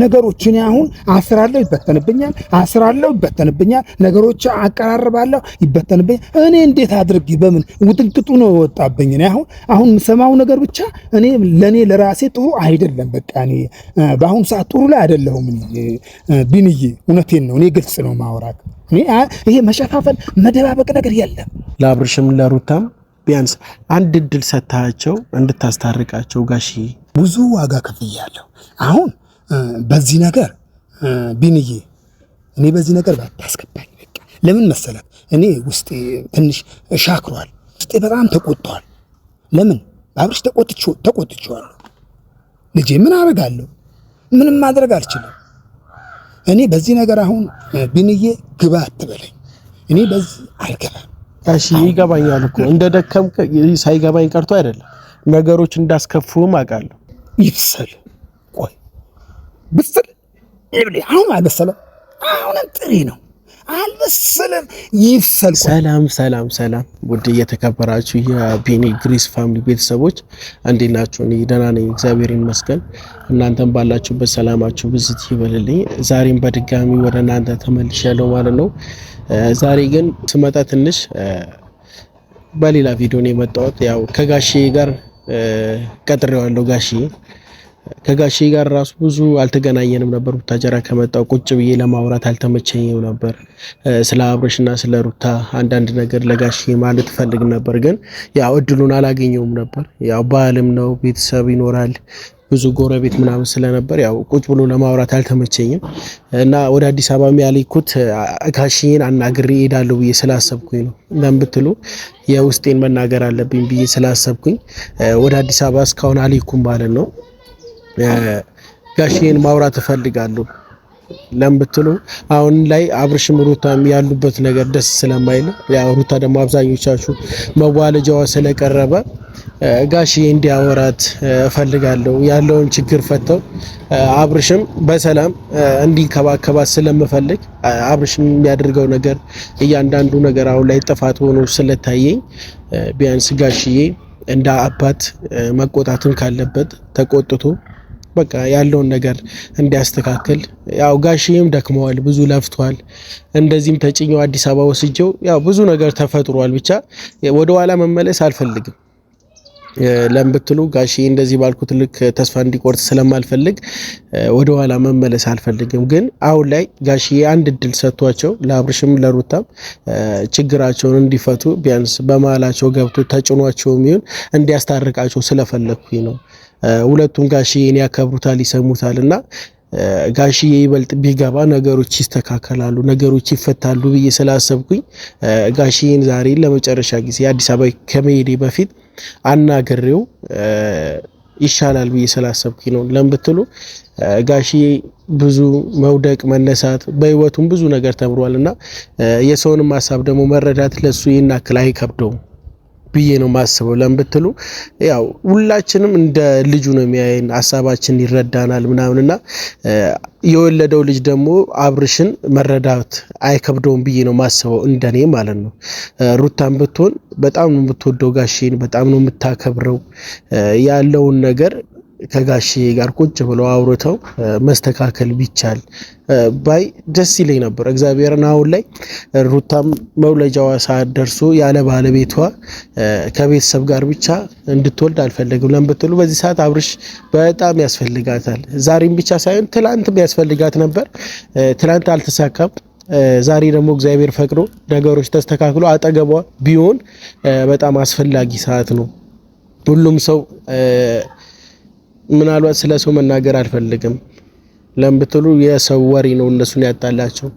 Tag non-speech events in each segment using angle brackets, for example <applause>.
ነገሮችን አሁን አስራለሁ፣ ይበተንብኛል፣ አስራለሁ፣ ይበተንብኛል፣ ነገሮች አቀራርባለሁ፣ ይበተንብኛል። እኔ እንዴት አድርጌ በምን ውጥንቅጡ ነው ወጣብኝ። እኔ አሁን አሁን የምሰማው ነገር ብቻ እኔ ለእኔ ለራሴ ጥሩ አይደለም። በቃ እኔ በአሁኑ ሰዓት ጥሩ ላይ አይደለሁም። ቢንዬ እውነቴን ነው። እኔ ግልጽ ነው ማውራት። ይሄ መሸፋፈን መደባበቅ ነገር የለም። ለአብርሽም ለሩታም ቢያንስ አንድ እድል ሰታቸው እንድታስታርቃቸው ጋሽ ብዙ ዋጋ ከፍያለሁ አሁን በዚህ ነገር ቢንዬ እኔ በዚህ ነገር ባታስገባኝ። ለምን መሰላት? እኔ ውስጤ ትንሽ ሻክሯል። ውስጤ በጣም ተቆጥቷል። ለምን በአብርሽ ተቆጥቼዋለሁ። ልጄ ምን አደርጋለሁ? ምንም ማድረግ አልችልም። እኔ በዚህ ነገር አሁን ቢንዬ ግባ አትበለኝ። እኔ በዚህ አልገባም። እሺ ይገባኛል እኮ እንደ ደከም ሳይገባኝ ቀርቶ አይደለም ነገሮች እንዳስከፉም አውቃለሁ። ይብሰል ብስል ይብል አሁን አልበሰለም። አሁንም ጥሪ ነው አልበሰለም። ይብሰል። ሰላም ሰላም ሰላም! ውድ እየተከበራችሁ የቢኒ ግሪስ ፋሚሊ ቤተሰቦች እንዴት ናችሁ? እኔ ደህና ነኝ፣ እግዚአብሔር ይመስገን። እናንተም ባላችሁበት ሰላማችሁ ብዝት ይበልልኝ። ዛሬም በድጋሚ ወደ እናንተ ተመልሻለሁ ማለት ነው። ዛሬ ግን ስመጣ ትንሽ በሌላ ቪዲዮ ነው የመጣሁት። ያው ከጋሼ ጋር ቀጥሬዋለሁ ጋሼ ከጋሼ ጋር ራሱ ብዙ አልተገናኘንም ነበር። ቡታጀራ ከመጣው ቁጭ ብዬ ለማውራት አልተመቸኝም ነበር። ስለ አብረሽና ስለ ሩታ አንዳንድ ነገር ለጋሼ ማለት ፈልግ ነበር፣ ግን ያው እድሉን አላገኘውም ነበር። ያው በዓልም ነው ቤተሰብ ይኖራል ብዙ ጎረቤት ምናምን ስለነበር ያው ቁጭ ብሎ ለማውራት አልተመቸኝም እና ወደ አዲስ አበባ ያልኩት ጋሼን አናግሬ እሄዳለሁ ብዬ ስላሰብኩኝ ነው። ለምን ብትሉ የውስጤን መናገር አለብኝ ብዬ ስላሰብኩኝ ወደ አዲስ አበባ እስካሁን አልኩም ማለት ነው። ጋሽዬን ማውራት እፈልጋለሁ። ለምን ብትሉ አሁን ላይ አብርሽም ሩታም ያሉበት ነገር ደስ ስለማይል፣ ያው ሩታ ደግሞ አብዛኞቻችሁ መዋለጃዋ ስለቀረበ ጋሽዬ እንዲያወራት እፈልጋለሁ። ያለውን ችግር ፈተው አብርሽም በሰላም እንዲንከባከባት ስለምፈልግ አብርሽም የሚያደርገው ነገር እያንዳንዱ ነገር አሁን ላይ ጥፋት ሆኖ ስለታየኝ ቢያንስ ጋሽዬ እንደ አባት መቆጣትም ካለበት ተቆጥቶ በቃ ያለውን ነገር እንዲያስተካክል ያው ጋሽም ደክመዋል፣ ብዙ ለፍቷል። እንደዚህም ተጭኘው አዲስ አበባ ወስጀው ያው ብዙ ነገር ተፈጥሯል። ብቻ ወደ ኋላ መመለስ አልፈልግም። ለምን ብትሉ ጋሽ እንደዚህ ባልኩት ልክ ተስፋ እንዲቆርጥ ስለማልፈልግ ወደ ኋላ መመለስ አልፈልግም። ግን አሁን ላይ ጋሺ አንድ እድል ሰጥቷቸው ለአብርሽም ለሩታም ችግራቸውን እንዲፈቱ ቢያንስ በመሀላቸው ገብቶ ተጭኗቸው ይሁን እንዲያስታርቃቸው ስለፈለግኩኝ ነው። ሁለቱም ጋሽዬን ያከብሩታል፣ ይሰሙታል እና ጋሽዬ ይበልጥ ቢገባ ነገሮች ይስተካከላሉ፣ ነገሮች ይፈታሉ ብዬ ስላሰብኩኝ ጋሽዬን ዛሬ ለመጨረሻ ጊዜ አዲስ አበባ ከመሄዴ በፊት አናግሬው ይሻላል ብዬ ስላሰብኩኝ ነው። ለምትሉ ጋሽዬ ብዙ መውደቅ መነሳት፣ በህይወቱም ብዙ ነገር ተምሯልና የሰውንም ሀሳብ ደግሞ መረዳት ለሱ ይናክል አይከብደውም። ብዬ ነው ማስበው። ለምን ብትሉ ያው ሁላችንም እንደ ልጁ ነው የሚያየን፣ ሀሳባችን ይረዳናል ምናምንና የወለደው ልጅ ደግሞ አብርሽን መረዳት አይከብደውም ብዬ ነው ማስበው፣ እንደኔ ማለት ነው። ሩታን ብትሆን በጣም ነው የምትወደው ጋሼን፣ በጣም ነው የምታከብረው ያለውን ነገር ከጋሼ ጋር ቁጭ ብለው አውርተው መስተካከል ቢቻል ባይ ደስ ይለኝ ነበር። እግዚአብሔርን አሁን ላይ ሩታም መውለጃዋ ሰዓት ደርሶ ያለ ባለቤቷ ከቤተሰብ ጋር ብቻ እንድትወልድ አልፈለግም ለምትሉ በዚህ ሰዓት አብርሽ በጣም ያስፈልጋታል። ዛሬም ብቻ ሳይሆን ትላንትም ያስፈልጋት ነበር። ትላንት አልተሳካም። ዛሬ ደግሞ እግዚአብሔር ፈቅዶ ነገሮች ተስተካክሎ አጠገቧ ቢሆን በጣም አስፈላጊ ሰዓት ነው። ሁሉም ሰው ምናልባት ስለ ሰው መናገር አልፈልግም ለምትሉ የሰው ወሬ ነው እነሱን ያጣላቸው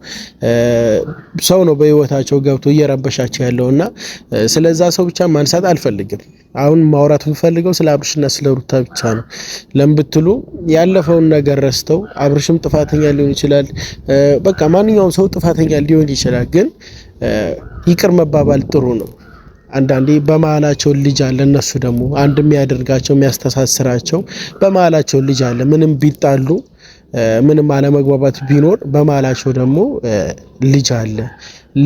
ሰው ነው በህይወታቸው ገብቶ እየረበሻቸው ያለው እና ስለዛ ሰው ብቻ ማንሳት አልፈልግም። አሁን ማውራት የምፈልገው ስለ አብርሽና ስለ ሩታ ብቻ ነው። ለምትሉ ያለፈውን ነገር ረስተው አብርሽም ጥፋተኛ ሊሆን ይችላል። በቃ ማንኛውም ሰው ጥፋተኛ ሊሆን ይችላል። ግን ይቅር መባባል ጥሩ ነው። አንዳንዴ በመሀላቸው ልጅ አለ። እነሱ ደግሞ አንድ የሚያደርጋቸው የሚያስተሳስራቸው በመሀላቸው ልጅ አለ። ምንም ቢጣሉ ምንም አለመግባባት ቢኖር በመሀላቸው ደግሞ ልጅ አለ።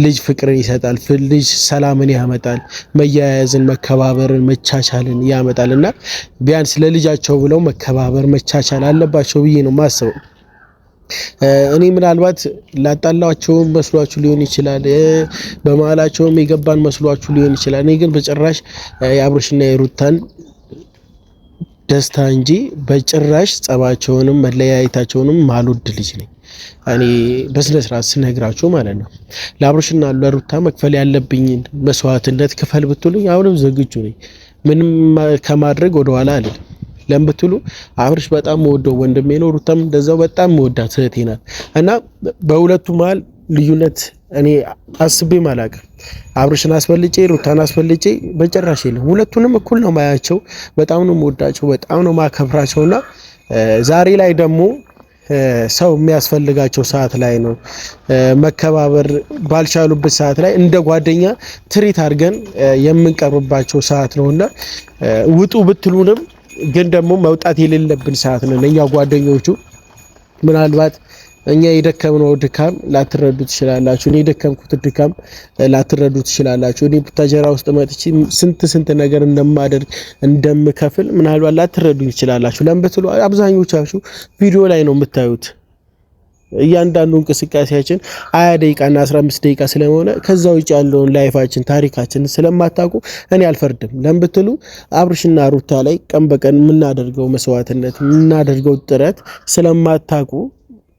ልጅ ፍቅርን ይሰጣል። ልጅ ሰላምን ያመጣል። መያያዝን፣ መከባበርን፣ መቻቻልን ያመጣል እና ቢያንስ ለልጃቸው ብለው መከባበር፣ መቻቻል አለባቸው ብዬ ነው ማስበው። እኔ ምናልባት ላጣላቸውም መስሏችሁ ሊሆን ይችላል፣ በመሀላቸውም የገባን መስሏችሁ ሊሆን ይችላል። እኔ ግን በጭራሽ የአብርሽና የሩታን ደስታ እንጂ በጭራሽ ጸባቸውንም መለያየታቸውንም ማልወድ ልጅ ነኝ። እኔ በስነ ስርዓት ስነግራችሁ ማለት ነው። ለአብርሽና ለሩታ መክፈል ያለብኝን መስዋዕትነት ክፈል ብትሉኝ አሁንም ዝግጁ ነኝ። ምንም ከማድረግ ወደኋላ አልልም። ለምትሉ ብትሉ አብርሽ በጣም ወደው ወንድሜ ነው፣ ሩታም እንደዛው በጣም ወዳት እህቴ ናት። እና በሁለቱ መሀል ልዩነት እኔ አስቤ ማላቀ አብርሽን አስፈልጬ ሩታን አስፈልጬ በጭራሽ የለም። ሁለቱንም እኩል ነው ማያቸው። በጣም ነው ወዳቸው፣ በጣም ነው ማከብራቸው። እና ዛሬ ላይ ደግሞ ሰው የሚያስፈልጋቸው ሰዓት ላይ ነው መከባበር ባልቻሉበት ሰዓት ላይ እንደ ጓደኛ ትሪት አድርገን የምንቀርብባቸው ሰዓት ነውና ውጡ ብትሉንም ግን ደግሞ መውጣት የሌለብን ሰዓት ነን እኛ ጓደኞቹ። ምናልባት እኛ የደከምነው ድካም ላትረዱ ትችላላችሁ። እኔ የደከምኩት ድካም ላትረዱ ትችላላችሁ። እኔ ቡታጀራ ውስጥ መጥቼ ስንት ስንት ነገር እንደማደርግ እንደምከፍል ምናልባት ላትረዱ ትችላላችሁ። ለምን ብትሉ አብዛኞቻችሁ ቪዲዮ ላይ ነው የምታዩት። እያንዳንዱ እንቅስቃሴያችን ሀያ ደቂቃና አስራ አምስት ደቂቃ ስለሆነ ከዛ ውጭ ያለውን ላይፋችን ታሪካችን ስለማታውቁ እኔ አልፈርድም። ለምብትሉ አብርሽና ሩታ ላይ ቀን በቀን የምናደርገው መስዋዕትነት የምናደርገው ጥረት ስለማታውቁ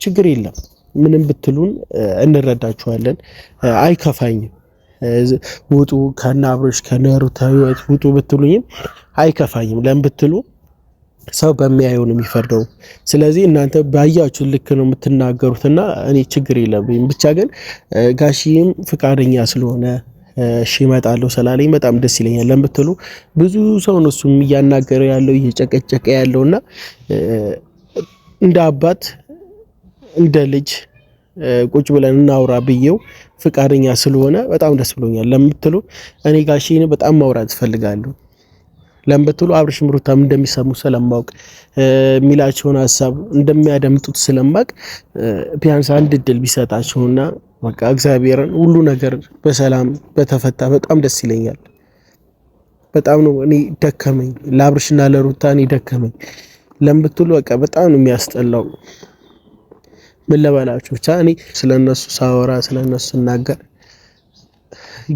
ችግር የለም። ምንም ብትሉን እንረዳችኋለን። አይከፋኝም። ውጡ ከነ አብርሽ ከነ ሩታ ህይወት ውጡ ብትሉኝም አይከፋኝም። ለምብትሉ ሰው በሚያየው ነው የሚፈርደው። ስለዚህ እናንተ ባያችሁ ልክ ነው የምትናገሩትና እኔ ችግር የለብኝም። ብቻ ግን ጋሽም ፍቃደኛ ስለሆነ እሺ እመጣለሁ ስላለኝ በጣም ደስ ይለኛል ለምትሉ ብዙ ሰው ነው እሱም እያናገረ ያለው እየጨቀጨቀ ያለውና እንደ አባት እንደ ልጅ ቁጭ ብለን እናውራ ብዬው ፍቃደኛ ስለሆነ በጣም ደስ ብሎኛል ለምትሉ እኔ ጋሽን በጣም ማውራት እፈልጋለሁ። ለምን ብትሉ አብርሽም ሩታም እንደሚሰሙ ስለማውቅ የሚላቸውን ሀሳብ እንደሚያደምጡት ስለማቅ ቢያንስ አንድ እድል ቢሰጣቸውና በቃ እግዚአብሔርን ሁሉ ነገር በሰላም በተፈታ በጣም ደስ ይለኛል። በጣም ነው እኔ ደከመኝ፣ ለአብርሽና ለሩታ እኔ ደከመኝ። ለምን ብትሉ በቃ በጣም ነው የሚያስጠላው። ምን ብቻ እኔ ስለነሱ ሳወራ ስለነሱ ስናገር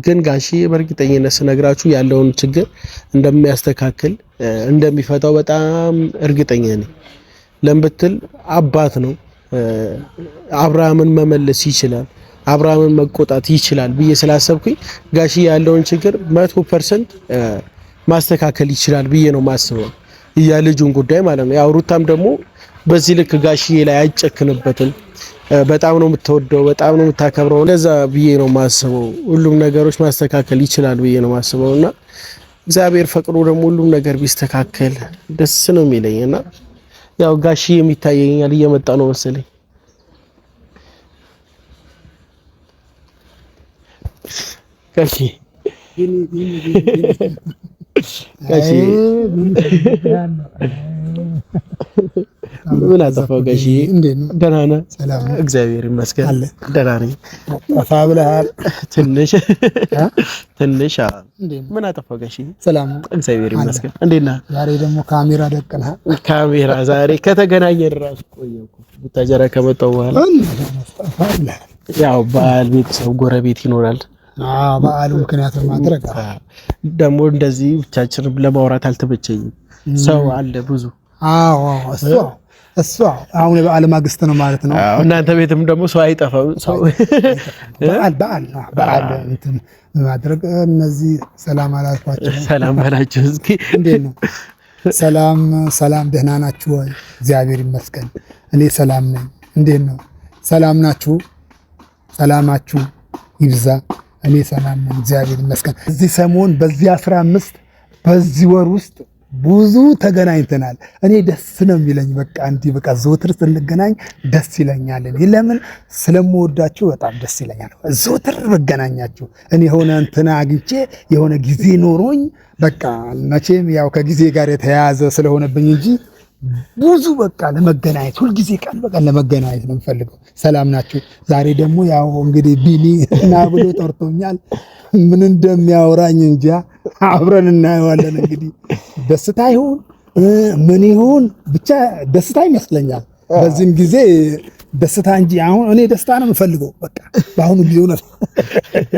ግን ጋሺ በእርግጠኝነት ስነግራችሁ ያለውን ችግር እንደሚያስተካክል እንደሚፈታው በጣም እርግጠኛ ነኝ። ለምብትል አባት ነው። አብርሃምን መመለስ ይችላል፣ አብርሃምን መቆጣት ይችላል ብዬ ስላሰብኩኝ ጋሺ ያለውን ችግር መቶ ፐርሰንት ማስተካከል ይችላል ብዬ ነው ማስበው። ያ ልጁን ጉዳይ ማለት ነው። ያው ሩታም ደግሞ በዚህ ልክ ጋሺ ላይ አይጨክንበትም። በጣም ነው የምትወደው፣ በጣም ነው የምታከብረው። እንደዛ ብዬ ነው ማስበው። ሁሉም ነገሮች ማስተካከል ይችላል ብዬ ነው ማስበው እና እግዚአብሔር ፈቅዶ ደግሞ ሁሉም ነገር ቢስተካከል ደስ ነው የሚለኝ እና ያው ጋሺ የሚታየኛል እየመጣ ነው መሰለኝ። ጋሺ ምን አጠፋው ጋሽ? ደህና ነህ? እግዚአብሔር ይመስገን ደህና ነኝ። ጠፋ ብለሃል ትንሽ ትንሽ። ምን አጠፋው ጋሽ? ሰላም እግዚአብሔር ይመስገን። እንዴት ነህ? ዛሬ ደግሞ ካሜራ ደቅነሃል። ካሜራ ዛሬ ከተገናኘን እራሱ ቆየሁ እኮ ብታጀራ ከመጣሁ በኋላ ያው በዓል ቤተሰብ ጎረቤት ይኖራል በዓሉ ምክንያት ማድረግ ደግሞ እንደዚህ ብቻችን ለማውራት አልተመቸኝም። ሰው አለ ብዙ። እሱ አሁን የበዓል ማግስት ነው ማለት ነው። እናንተ ቤትም ደግሞ ሰው አይጠፋም። ሰው በዓል በዓል በዓል እንትን በማድረግ እነዚህ ሰላም አላልኳቸው። ሰላም በላቸው እስኪ። እንዴት ነው? ሰላም ሰላም፣ ደህና ናችሁ ወይ? እግዚአብሔር ይመስገን እኔ ሰላም ነኝ። እንዴት ነው? ሰላም ናችሁ? ሰላማችሁ ይብዛ። እኔ ሰላም እግዚአብሔር ይመስገን። እዚህ ሰሞን በዚህ አስራ አምስት በዚህ ወር ውስጥ ብዙ ተገናኝተናል። እኔ ደስ ነው የሚለኝ በቃ እንዲህ በቃ ዘውትር ስንገናኝ ደስ ይለኛል። እኔ ለምን ስለምወዳችሁ በጣም ደስ ይለኛል። ዘውትር መገናኛችሁ እኔ የሆነ እንትና አግኝቼ የሆነ ጊዜ ኖሮኝ በቃ መቼም ያው ከጊዜ ጋር የተያያዘ ስለሆነብኝ እንጂ ብዙ በቃ ለመገናኘት ሁልጊዜ ቀን በቀን ለመገናኘት ነው የምፈልገው። ሰላም ናችሁ? ዛሬ ደግሞ ያው እንግዲህ ቢኒ እና ብሎ ጠርቶኛል። ምን እንደሚያወራኝ እንጃ፣ አብረን እናየዋለን። እንግዲህ ደስታ ይሁን ምን ይሁን ብቻ ደስታ ይመስለኛል። በዚህም ጊዜ ደስታ እንጂ አሁን እኔ ደስታ ነው የምፈልገው። በቃ በአሁኑ ጊዜ እውነት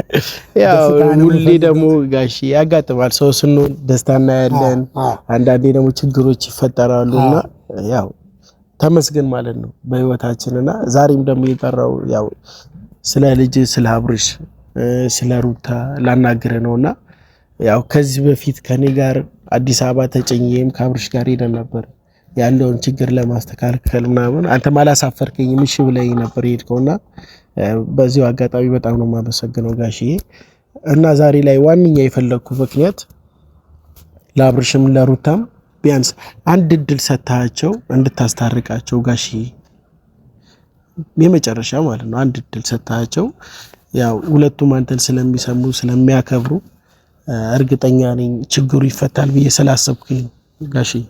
<laughs> ያው ሁሌ ደግሞ ጋሽ ያጋጥማል። ሰው ስንሆን ደስታ እናያለን፣ አንዳንዴ ደግሞ ችግሮች ይፈጠራሉ እና ያው ተመስገን ማለት ነው በህይወታችን እና ዛሬም ደግሞ የጠራው ያው ስለ ልጅ ስለ አብርሽ ስለ ሩታ ላናግረ ነውና ያው ከዚህ በፊት ከኔ ጋር አዲስ አበባ ተጭኝም ከአብርሽ ጋር ሄደን ነበር ያለውን ችግር ለማስተካከል ምናምን አንተም አላሳፈርከኝም፣ እሺ ብለኸኝ ነበር የሄድከውና በዚሁ አጋጣሚ በጣም ነው የማመሰግነው ጋሽዬ። እና ዛሬ ላይ ዋነኛ የፈለግኩ ምክንያት ለአብርሽም ለሩታም ቢያንስ አንድ እድል ሰታቸው እንድታስታርቃቸው ጋሽዬ፣ የመጨረሻ ማለት ነው። አንድ እድል ሰታቸው ያው ሁለቱም አንተን ስለሚሰሙ ስለሚያከብሩ እርግጠኛ ነኝ ችግሩ ይፈታል ብዬ ስላሰብኩኝ ጋሽዬ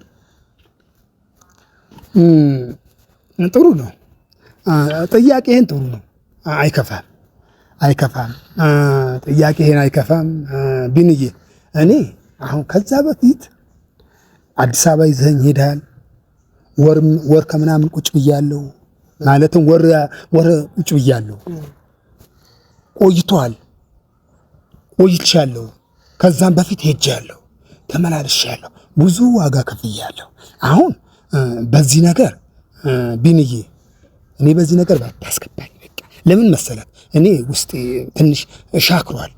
ጥሩ ነው። ጥያቄህን ጥሩ ነው። አይከፋም፣ አይከፋም። ጥያቄህን አይከፋም። ቢንዬ እኔ አሁን ከዛ በፊት አዲስ አበባ ይዘኸኝ ሄዳል። ወር ከምናምን ቁጭ ብያለሁ፣ ማለትም ወር ወር ቁጭ ብያለሁ። ቆይቷል፣ ቆይቻለሁ። ከዛም በፊት ሄጃለሁ፣ ተመላልሻለሁ፣ ብዙ ዋጋ ከፍያለሁ። አሁን በዚህ ነገር ቢንዬ እኔ በዚህ ነገር ባታስገባኝ። በቃ ለምን መሰለት እኔ ውስጤ ትንሽ ሻክሯል።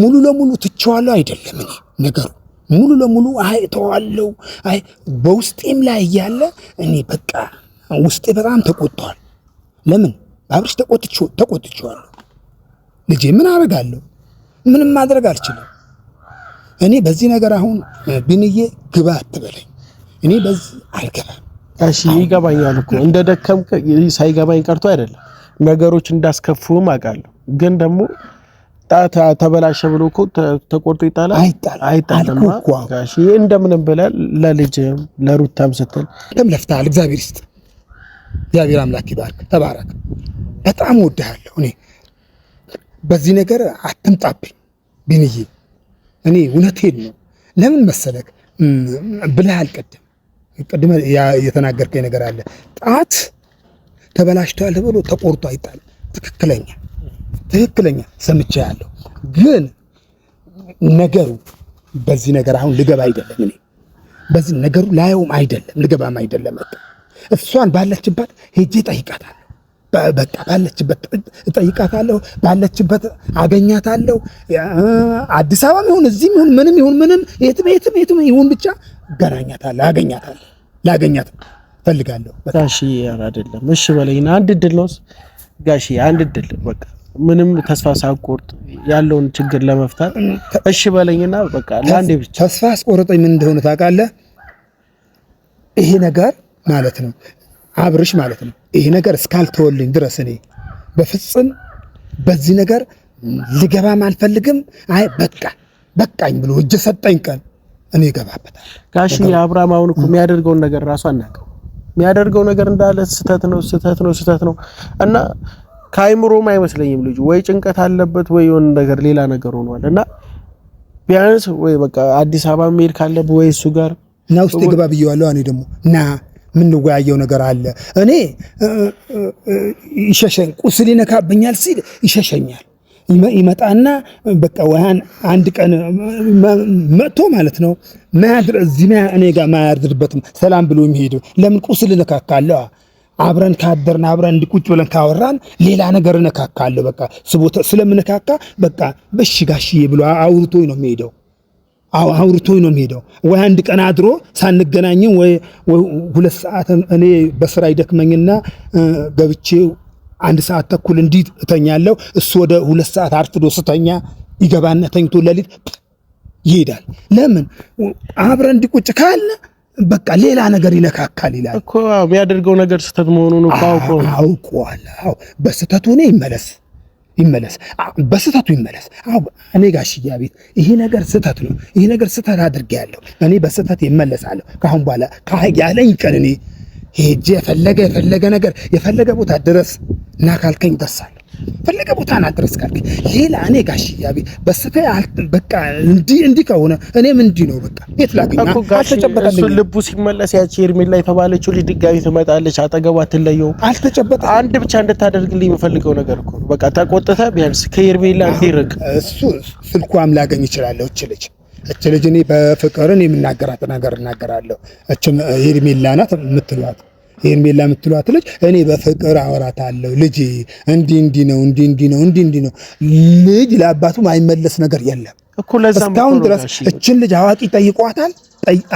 ሙሉ ለሙሉ ትቼዋለሁ አይደለም እኔ ነገሩ ሙሉ ለሙሉ አይ ተዋለው አይ በውስጤም ላይ እያለ እኔ በቃ ውስጤ በጣም ተቆጥቷል። ለምን አብርሽ ተቆጥቼ ተቆጥቼዋለሁ። ልጄ ምን አደርጋለሁ? ምንም ማድረግ አልችልም። እኔ በዚህ ነገር አሁን ቢንዬ ግባ አትበለኝ እኔ በዚህ አልገባም። እሺ ይገባኛል እኮ እንደ ደከም ሳይገባኝ ቀርቶ አይደለም፣ ነገሮች እንዳስከፉም አውቃለሁ። ግን ደግሞ ተበላሸ ብሎ እኮ ተቆርጦ ይጣላል አይጣልም እኮ ጋሽ። እንደምንም ብለህ ለልጅም ለሩታም ስትል ደም ለፍተሃል። እግዚአብሔር ይስጥ፣ እግዚአብሔር አምላክ ይባርክ፣ ተባረክ። በጣም እወድሃለሁ። እኔ በዚህ ነገር አትምጣብኝ ቢንዬ። እኔ እውነቴን ነው። ለምን መሰለክ ብለህ አልቀድም ቅድመ የተናገርከኝ ነገር አለ። ጣት ተበላሽቷል ተብሎ ተቆርጦ አይጣል። ትክክለኛ ትክክለኛ ሰምቼ ያለው ግን ነገሩ በዚህ ነገር አሁን ልገባ አይደለም እኔ በዚህ ነገሩ ላየውም አይደለም ልገባም አይደለም። እሷን ባለችበት ሄጄ ጠይቃታለሁ። በቃ ባለችበት እጠይቃታለሁ፣ ባለችበት አገኛታለሁ። አዲስ አበባም ይሁን እዚህም ይሁን ምንም ይሁን ምንም የትም የትም የትም ይሁን ብቻ ገናኛታል ላገኛታል ላገኛት ፈልጋለሁ። ጋሺ ኧረ አይደለም፣ እሺ በለኝና አንድ ድል ነው ጋሺ፣ አንድ ድል በቃ ምንም ተስፋ ሳቆርጥ ያለውን ችግር ለመፍታት እሺ በለኝና በቃ ለአንዴ ብቻ። ተስፋ አስቆርጠኝ ምን እንደሆነ ታውቃለህ? ይሄ ነገር ማለት ነው አብርሽ ማለት ነው ይሄ ነገር እስካልተወልኝ ድረስ እኔ በፍጹም በዚህ ነገር ልገባም አልፈልግም። አይ በቃ በቃኝ ብሎ እጅ ሰጠኝ ቀን እኔ እገባበታል። ጋሽ አብርሃም አሁን እኮ የሚያደርገውን ነገር ራሱ አናውቅም። የሚያደርገው ነገር እንዳለ ስህተት ነው፣ ስህተት ነው፣ ስህተት ነው እና ከአይምሮም አይመስለኝም ልጁ ወይ ጭንቀት አለበት ወይ የሆነ ነገር ሌላ ነገር ሆኗል እና ቢያንስ ወይ በቃ አዲስ አበባ መሄድ ካለብህ ወይ እሱ ጋር እና ውስጥ ግባ ብዬዋለሁ። እኔ ደግሞ ና የምንወያየው ነገር አለ። እኔ ይሸሸኝ ቁስል ይነካብኛል ሲል ይሸሸኛል ይመጣና በቃ ውሃን አንድ ቀን መጥቶ ማለት ነው ማያድር እዚህ እኔ ጋር ማያድርበትም ሰላም ብሎ የሚሄድ ለምን ቁስል እነካካለሁ። አብረን ካደርን አብረን እንዲቁጭ ብለን ካወራን ሌላ ነገር እነካካለሁ። በቃ ስቦታ ስለምነካካ በቃ በሽ ጋሽዬ ብሎ አውርቶኝ ነው የሚሄደው። አዎ አውርቶኝ ነው የሚሄደው። ወይ አንድ ቀን አድሮ ሳንገናኝም ወይ ሁለት ሰዓት እኔ በስራ ይደክመኝና ገብቼ አንድ ሰዓት ተኩል እንዲህ እተኛለሁ። እሱ ወደ ሁለት ሰዓት አርፍዶ ስተኛ ይገባና ተኝቶ ለሊት ይሄዳል። ለምን አብረን እንዲቁጭ ካለ በቃ ሌላ ነገር ይለካካል ይላል እኮ የሚያደርገው ነገር ስህተት መሆኑን አውቀዋል። አዎ በስህተቱ እኔ ይመለስ ይመለስ በስህተቱ ይመለስ። አዎ እኔ ጋሽያ ቤት ይሄ ነገር ስህተት ነው፣ ይሄ ነገር ስህተት አድርጌያለሁ፣ እኔ በስህተት ይመለሳለሁ። ካሁን በኋላ ያለኝ ቀን እኔ ሄጄ የፈለገ የፈለገ ነገር የፈለገ ቦታ ድረስ እና ካልከኝ ደርሳለሁ። ፈለገ ቦታ ና ድረስ ሌላ እኔ ጋሽያ ቤት በስተ በቃ እንዲህ እንዲህ ከሆነ እኔም እንዲህ ነው። በቃ ቤት ላገኝ ልቡ ሲመለስ ያቺ ሄርሜላ የተባለችው ልጅ ድጋሚ ትመጣለች፣ አጠገቧ አትለየውም። አልተጨበጠ አንድ ብቻ እንድታደርግልኝ የምፈልገው ነገር እኮ በቃ ተቆጥተ ቢያንስ ከሄርሜላ እንዲርቅ እሱ ስልኳም ላገኝ ይችላለሁ እችልች እች ልጅ እኔ በፍቅርን የምናገራት ነገር እናገራለሁ። እችም ሄርሜላ ናት የምትሏት ሄርሜላ የምትሏት ልጅ እኔ በፍቅር አወራታለሁ። ልጅ እንዲ እንዲ ነው እንዲ እንዲ ነው እንዲ እንዲ ነው። ልጅ ለአባቱ ማይመለስ ነገር የለም እስካሁን ድረስ። እችን ልጅ አዋቂ ጠይቋታል?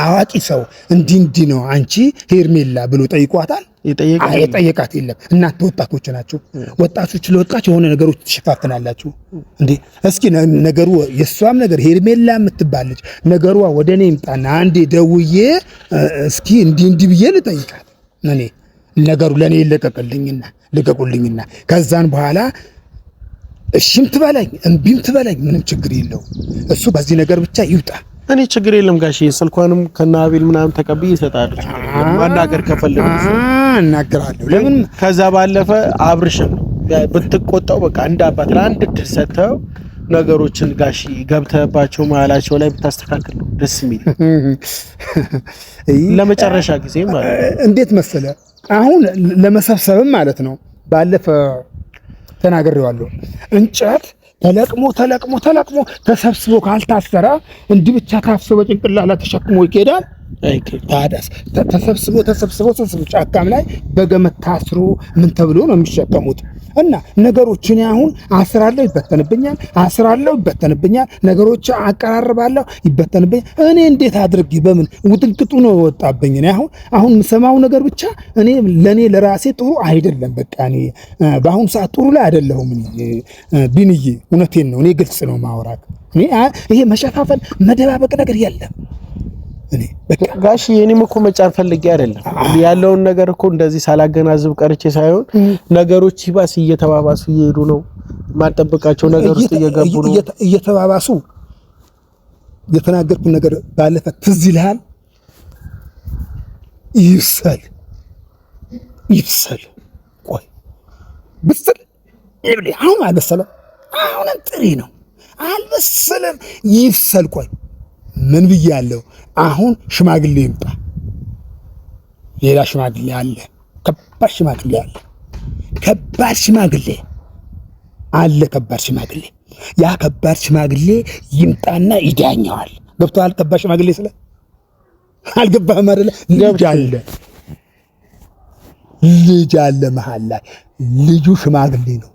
አዋቂ ሰው እንዲ እንዲ ነው አንቺ ሄርሜላ ብሎ ጠይቋታል? የጠየቃት የለም። እናንተ ወጣቶች ናችሁ። ወጣቶች ለወጣች የሆነ ነገሮች ትሸፋፍናላችሁ እንዴ! እስኪ ነገሩ የእሷም ነገር ሄርሜላ የምትባለች ነገሯ ወደ እኔ ይምጣና አንዴ ደውዬ እስኪ እንዲ እንዲ ብዬ ልጠይቃት እኔ ነገሩ ለእኔ ይለቀቅልኝና ልቀቁልኝና ከዛን በኋላ እሺም ትበላኝ እምቢም ትበላኝ ምንም ችግር የለው። እሱ በዚህ ነገር ብቻ ይውጣ። እኔ ችግር የለም ጋሽ ስልኳንም ከናቤል ምናምን ተቀብዬ ይሰጣል። ማናገር ከፈለግ እናገራለሁ። ለምን ከዛ ባለፈ አብርሽም ብትቆጣው በቃ እንደ አባት ለአንድ ድል ሰጥተው ነገሮችን ጋሺ ገብተባቸው መሀላቸው ላይ ብታስተካክል ነው ደስ የሚል። ለመጨረሻ ጊዜ ማለት እንዴት መሰለ አሁን ለመሰብሰብም ማለት ነው። ባለፈ ተናግሬዋለሁ። እንጨት ተለቅሞ ተለቅሞ ተለቅሞ ተሰብስቦ ካልታሰራ እንዲህ ብቻ ታፍሶ በጭንቅላላ ተሸክሞ ይሄዳል። ታዲያስ ተሰብስቦ ተሰብስቦ ተሰብስቦ ጫካም ላይ በገመት ታስሮ ምን ተብሎ ነው የሚሸከሙት? እና ነገሮችን አሁን አስራለሁ፣ ይበተንብኛል፣ አስራለሁ፣ ይበተንብኛል፣ ነገሮች አቀራርባለሁ፣ ይበተንብኛል። እኔ እንዴት አድርጌ በምን ውጥንቅጡ ነው ወጣብኝ። አሁን አሁን የምሰማው ነገር ብቻ እኔ ለእኔ ለራሴ ጥሩ አይደለም። በቃ እኔ በአሁኑ ሰዓት ጥሩ ላይ አይደለሁም። ቢንዬ እውነቴን ነው። እኔ ግልጽ ነው ማውራት። ይሄ መሸፋፈን መደባበቅ ነገር የለም። ጋሽ የኔም እኮ መጫን ፈልጌ አይደለም ያለውን ነገር እኮ እንደዚህ ሳላገናዝብ ቀርቼ ሳይሆን ነገሮች ይባስ እየተባባሱ እየሄዱ ነው። ማጠብቃቸው ነገር ውስጥ እየገቡ ነው እየተባባሱ የተናገርኩን ነገር ባለፈ ትዝ ይልሃል። ይብሰል ይብሰል፣ ቆይ ብስል ይብል አሁን አልበሰለም። አሁንም ጥሪ ነው አልበሰለም። ይብሰል ቆይ ምን አለው አሁን ሽማግሌ ይምጣ። ሌላ ሽማግሌ አለ፣ ከባድ ሽማግሌ አለ፣ ከባድ ሽማግሌ አለ፣ ከባድ ሽማግሌ። ያ ከባድ ሽማግሌ ይምጣና ይዳኘዋል። ገብቶሃል? ከባድ ሽማግሌ ስለ አልገባህም አይደለ? ልጅ አለ፣ ልጅ አለ መሀል ላይ ልጁ ሽማግሌ ነው።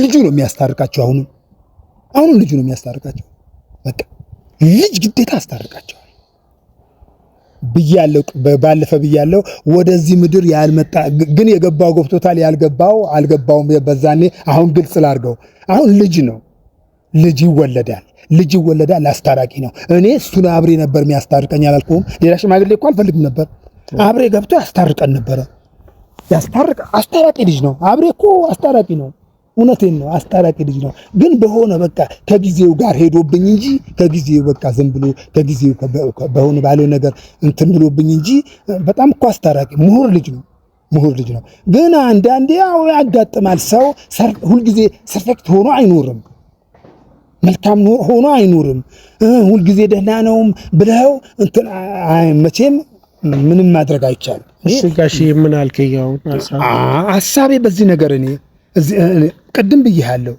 ልጁ ነው የሚያስታርቃቸው። አሁንም አሁንም ልጁ ነው የሚያስታርቃቸው። በቃ ልጅ ግዴታ አስታርቃቸዋል ብያለው፣ ባለፈ ብያለው። ወደዚህ ምድር ያልመጣ ግን የገባው ገብቶታል፣ ያልገባው አልገባውም። በዛኔ አሁን ግልጽ ላድርገው። አሁን ልጅ ነው፣ ልጅ ይወለዳል፣ ልጅ ይወለዳል። አስታራቂ ነው። እኔ እሱን አብሬ ነበር የሚያስታርቀኝ አላልኩም። ሌላ ሽማግሌ እኮ አልፈልግም ነበር። አብሬ ገብቶ ያስታርቀን ነበረ። ያስታርቅ አስታራቂ ልጅ ነው። አብሬ እኮ አስታራቂ ነው። እውነቴን ነው። አስታራቂ ልጅ ነው፣ ግን በሆነ በቃ ከጊዜው ጋር ሄዶብኝ እንጂ ከጊዜው በቃ ዝም ብሎ ከጊዜው በሆነ ባለው ነገር እንትን ብሎብኝ እንጂ በጣም እኮ አስታራቂ ምሁር ልጅ ነው። ምሁር ልጅ ነው፣ ግን አንዳንዴ ያው ያጋጥማል። ሰው ሁልጊዜ ሰርፌክት ሆኖ አይኖርም፣ መልካም ሆኖ አይኖርም። ሁልጊዜ ደህና ነውም ብለው እንትን መቼም ምንም ማድረግ አይቻልም። ምን አልከኝ? አሁን ሀሳቤ በዚህ ነገር እኔ ቅድም ብያለሁ።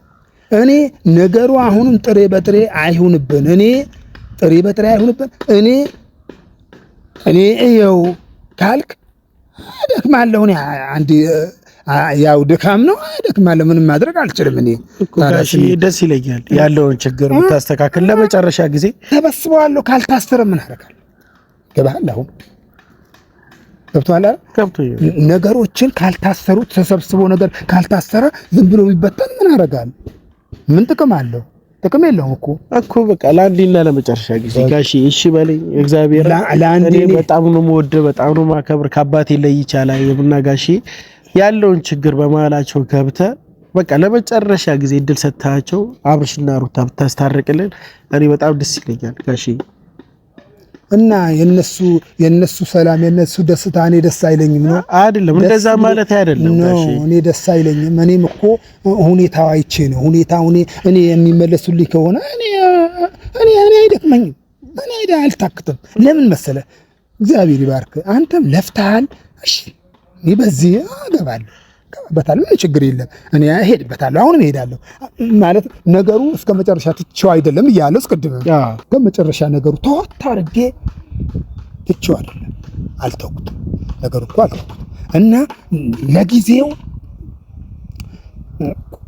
እኔ ነገሩ አሁንም ጥሬ በጥሬ አይሁንብን። እኔ ጥሬ በጥሬ አይሁንብን። እኔ እኔ እየው ካልክ አደክማለሁ። እኔ አንድ ያው ድካም ነው አደክማለሁ። ምንም ማድረግ አልችልም። እኔ ደስ ይለኛል ያለውን ችግር የምታስተካክል ለመጨረሻ ጊዜ ተበስበዋለሁ። ካልታስረ ምን አደርጋለሁ? ገባህ አሁን ገብቶሃል ነገሮችን ካልታሰሩት ተሰብስቦ ነገር ካልታሰረ ዝም ብሎ ቢበተን ምን አደርጋለሁ ምን ጥቅም አለው ጥቅም የለውም እኮ እኮ በቃ ለአንዴና ለመጨረሻ ጊዜ ጋሺ እሺ በለኝ። እግዚአብሔር ለአንዴ በጣም ነው የምወደው፣ በጣም ነው የማከብር። ከአባቴ ላይ ይቻላል የቡና ጋሺ ያለውን ችግር በመሀላቸው ገብተህ በቃ ለመጨረሻ ጊዜ እድል ሰጥታቸው አብርሽና ሩታ ብታስታርቅልን እኔ በጣም ደስ ይለኛል ጋሺ። እና የነሱ የነሱ ሰላም የነሱ ደስታ እኔ ደስ አይለኝም ነው። አይደለም እንደዛ ማለት አይደለም። እኔ ደስ አይለኝም። እኔም እኮ ሁኔታው አይቼ ነው ሁኔታ እኔ የሚመለሱልኝ ከሆነ እኔ እኔ እኔ አይደክመኝም። እኔ አይደ አልታክትም። ለምን መሰለ እግዚአብሔር ይባርክ። አንተም ለፍተሃል። እሺ ይበዚህ አገባለሁ እገባበታለሁ፣ ችግር የለም እኔ እሄድበታለሁ፣ አሁንም እሄዳለሁ ማለት ነገሩ እስከ መጨረሻ ትቼው አይደለም እያለው እስቅድም ግን መጨረሻ ነገሩ ተወታ አድርጌ ትቼው አይደለም አልተውኩትም፣ ነገሩ እኮ አልተውኩትም እና ለጊዜው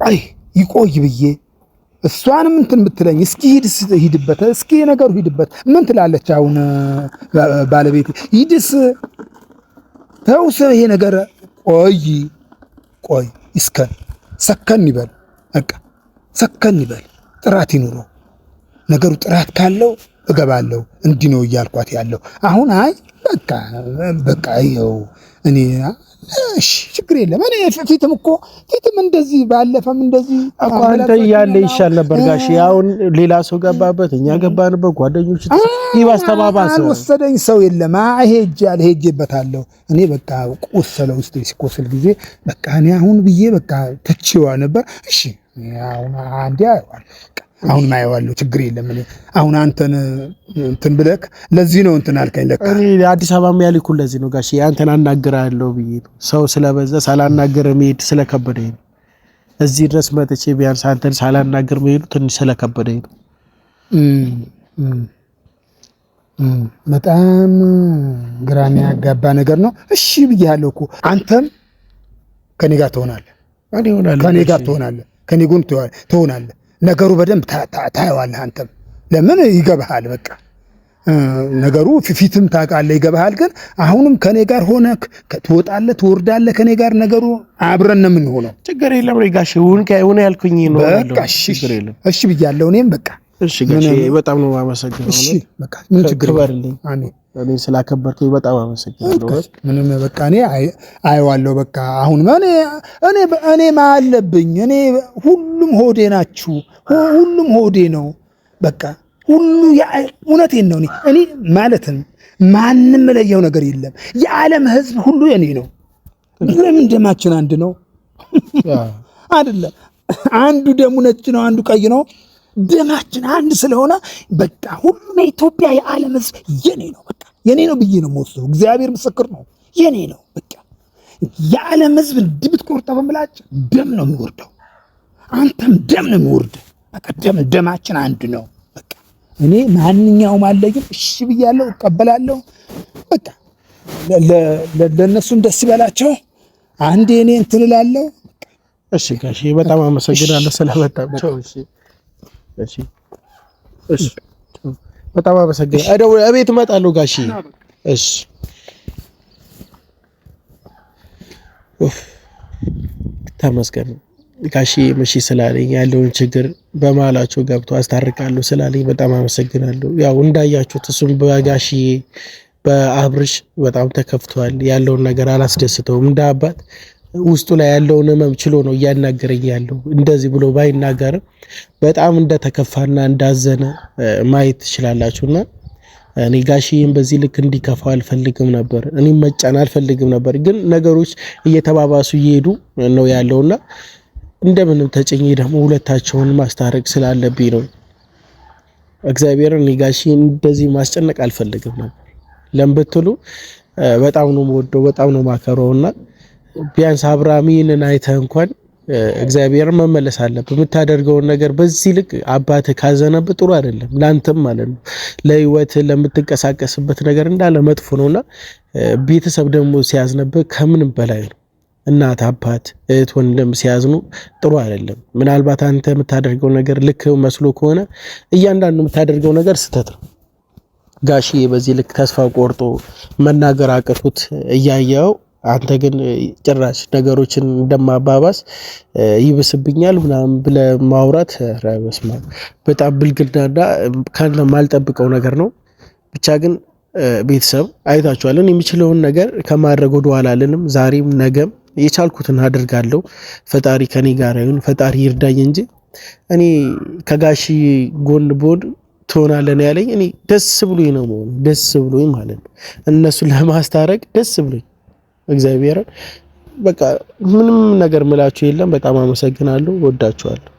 አይ ይቆይ ብዬ እሷንም እንትን ብትለኝ እስኪ ሂድ ሂድበት፣ እስኪ ነገሩ ሂድበት። ምን ትላለች አሁን ባለቤት? ሂድስ ተውስ ይሄ ነገር ቆይ ቆይ ይስከን፣ ሰከን ይበል፣ በቃ ሰከን ይበል፣ ጥራት ይኑረው። ነገሩ ጥራት ካለው እገባለሁ። እንዲህ ነው እያልኳት ያለው አሁን። አይ በቃ በቃ ይኸው እኔ እሺ ችግር የለም። እኔ ፊትም እኮ ፊትም እንደዚህ ባለፈም እንደዚህ እኮ አንተ እያለ ይሻል ነበር ጋሽ። አሁን ሌላ ሰው ገባበት፣ እኛ ገባንበት፣ ጓደኞች ይባስ ተባባሰ። አልወሰደኝ ሰው የለም። ሄጄ አልሄጄበታለሁ እኔ በቃ ቆሰለ ውስጥ ሲቆስል ጊዜ በቃ እኔ አሁን ብዬ በቃ ተቼዋ ነበር። እሺ አሁን አንዴ አይዋል አሁን ማየዋለሁ ችግር የለም። አሁን አንተን እንትን ብለክ ለዚህ ነው እንትን አልከኝ። ለካ እኔ አዲስ አበባ ያልኩ ለዚህ ነው ጋሽ አንተን አናግርሃለሁ ብዬ ነው። ሰው ስለበዛ ሳላናገር መሄድ ስለከበደኝ ነው። እዚህ ድረስ መጥቼ ቢያንስ አንተን ሳላናገር መሄዱ ትንሽ ስለከበደኝ ነው። በጣም ግራ የሚያጋባ ነገር ነው። እሺ ብያለሁ እኮ አንተም ከኔ ጋር ትሆናለህ፣ ከኔ ጋር ትሆናለህ፣ ከኔ ጎን ትሆናለህ ነገሩ በደንብ ታየዋለህ። አንተም ለምን ይገባሃል። በቃ ነገሩ ፊትም ታውቃለህ፣ ይገባሃል። ግን አሁንም ከኔ ጋር ሆነህ ትወጣለህ፣ ትወርዳለህ ከኔ ጋር ነገሩ አብረን ነው የምንሆነው። ችግር የለም ጋሽ፣ ሁን ያልኩኝ ነው። እሺ ብያለሁ እኔም በቃ እሺ ጋሼ በጣም ነው አመሰግናለሁ። እሺ በቃ ምን ችግር እኔ በጣም አመሰግናለሁ። ምንም በቃ እኔ አየዋለሁ። በቃ አሁን እኔ እኔ ማለብኝ እኔ ሁሉም ሆዴ ናችሁ። ሁሉም ሆዴ ነው። በቃ ሁሉ እውነቴን ነው። እኔ ማለትም ማንም መለየው ነገር የለም። የዓለም ህዝብ ሁሉ የኔ ነው። ለምን ደማችን አንድ ነው አይደለም? አንዱ ደሙ ነጭ ነው፣ አንዱ ቀይ ነው። ደማችን አንድ ስለሆነ በቃ ሁሉም የኢትዮጵያ የዓለም ህዝብ የኔ ነው፣ በቃ የኔ ነው ብዬ ነው የምወስደው። እግዚአብሔር ምስክር ነው፣ የኔ ነው በቃ። የዓለም ህዝብ ድብት ብትቆርጠው በምላጭ ደም ነው የሚወርደው፣ አንተም ደም ነው የሚወርደው። በቃ ደም ደማችን አንድ ነው በቃ። እኔ ማንኛውም አለ እሺ ብያለሁ፣ እቀበላለሁ። በቃ ለእነሱም ደስ ይበላቸው። አንዴ እኔ እንትን እላለሁ። እሺ ጋሼ፣ በጣም አመሰግናለሁ ስለመጣችሁ። እሺ እሺ እሺ፣ በጣም አመሰግናለሁ። እቤት እመጣለሁ ጋሺ። እሺ ተመስገን ጋሺ እሺ ስላለኝ ያለውን ችግር በመሀላቸው ገብቶ አስታርቃለሁ ስላለኝ በጣም አመሰግናለሁ። ያው እንዳያችሁት እሱም በጋሺ በአብርሽ በጣም ተከፍቷል። ያለውን ነገር አላስደስተውም እንደ አባት ውስጡ ላይ ያለውን ህመም ችሎ ነው እያናገረኝ ያለው። እንደዚህ ብሎ ባይናገርም በጣም እንደተከፋና እንዳዘነ ማየት ትችላላችሁና እኔ ጋሽዬም በዚህ ልክ እንዲከፋው አልፈልግም ነበር፣ እኔም መጫን አልፈልግም ነበር። ግን ነገሮች እየተባባሱ እየሄዱ ነው ያለውና እንደምንም ተጭኜ ደግሞ ሁለታቸውን ማስታረቅ ስላለብኝ ነው። እግዚአብሔር እኔ ጋሽዬን እንደዚህ ማስጨነቅ አልፈልግም ነበር። ለምብትሉ ብትሉ በጣም ነው የምወደው፣ በጣም ነው ማከረውና ቢያንስ አብርሃም ይህንን እንኳን እግዚአብሔር መመለስ አለብህ። የምታደርገውን ነገር በዚህ ልክ አባትህ ካዘነብህ ጥሩ አይደለም፣ ላንተም ማለት ነው። ለህይወትህ ለምትንቀሳቀስበት ነገር እንዳለ መጥፎ ነውና ቤተሰብ ደግሞ ሲያዝነብህ ከምንም በላይ ነው። እናት አባት፣ እህት፣ ወንድም ሲያዝኑ ጥሩ አይደለም። ምናልባት አንተ የምታደርገው ነገር ልክ መስሎ ከሆነ እያንዳንዱ የምታደርገው ነገር ስህተት ነው። ጋሽዬ በዚህ ልክ ተስፋ ቆርጦ መናገር አቅቶት እያየኸው አንተ ግን ጭራሽ ነገሮችን እንደማባባስ ይብስብኛል ምናምን ብለህ ማውራት ረበስማ በጣም ብልግናና ከአንተ ማልጠብቀው ነገር ነው። ብቻ ግን ቤተሰብ አይታችኋልን፣ የሚችለውን ነገር ከማድረግ ወደ ኋላ አልልም። ዛሬም ነገም የቻልኩትን አድርጋለሁ። ፈጣሪ ከኔ ጋር ይሁን፣ ፈጣሪ ይርዳኝ እንጂ እኔ ከጋሺ ጎን ቦን ትሆናለን ያለኝ እኔ ደስ ብሎኝ ነው መሆኑ ደስ ብሎኝ ማለት ነው። እነሱን ለማስታረቅ ደስ ብሎኝ እግዚአብሔርን በቃ ምንም ነገር ምላችሁ የለም። በጣም አመሰግናለሁ። ወዳችኋለሁ።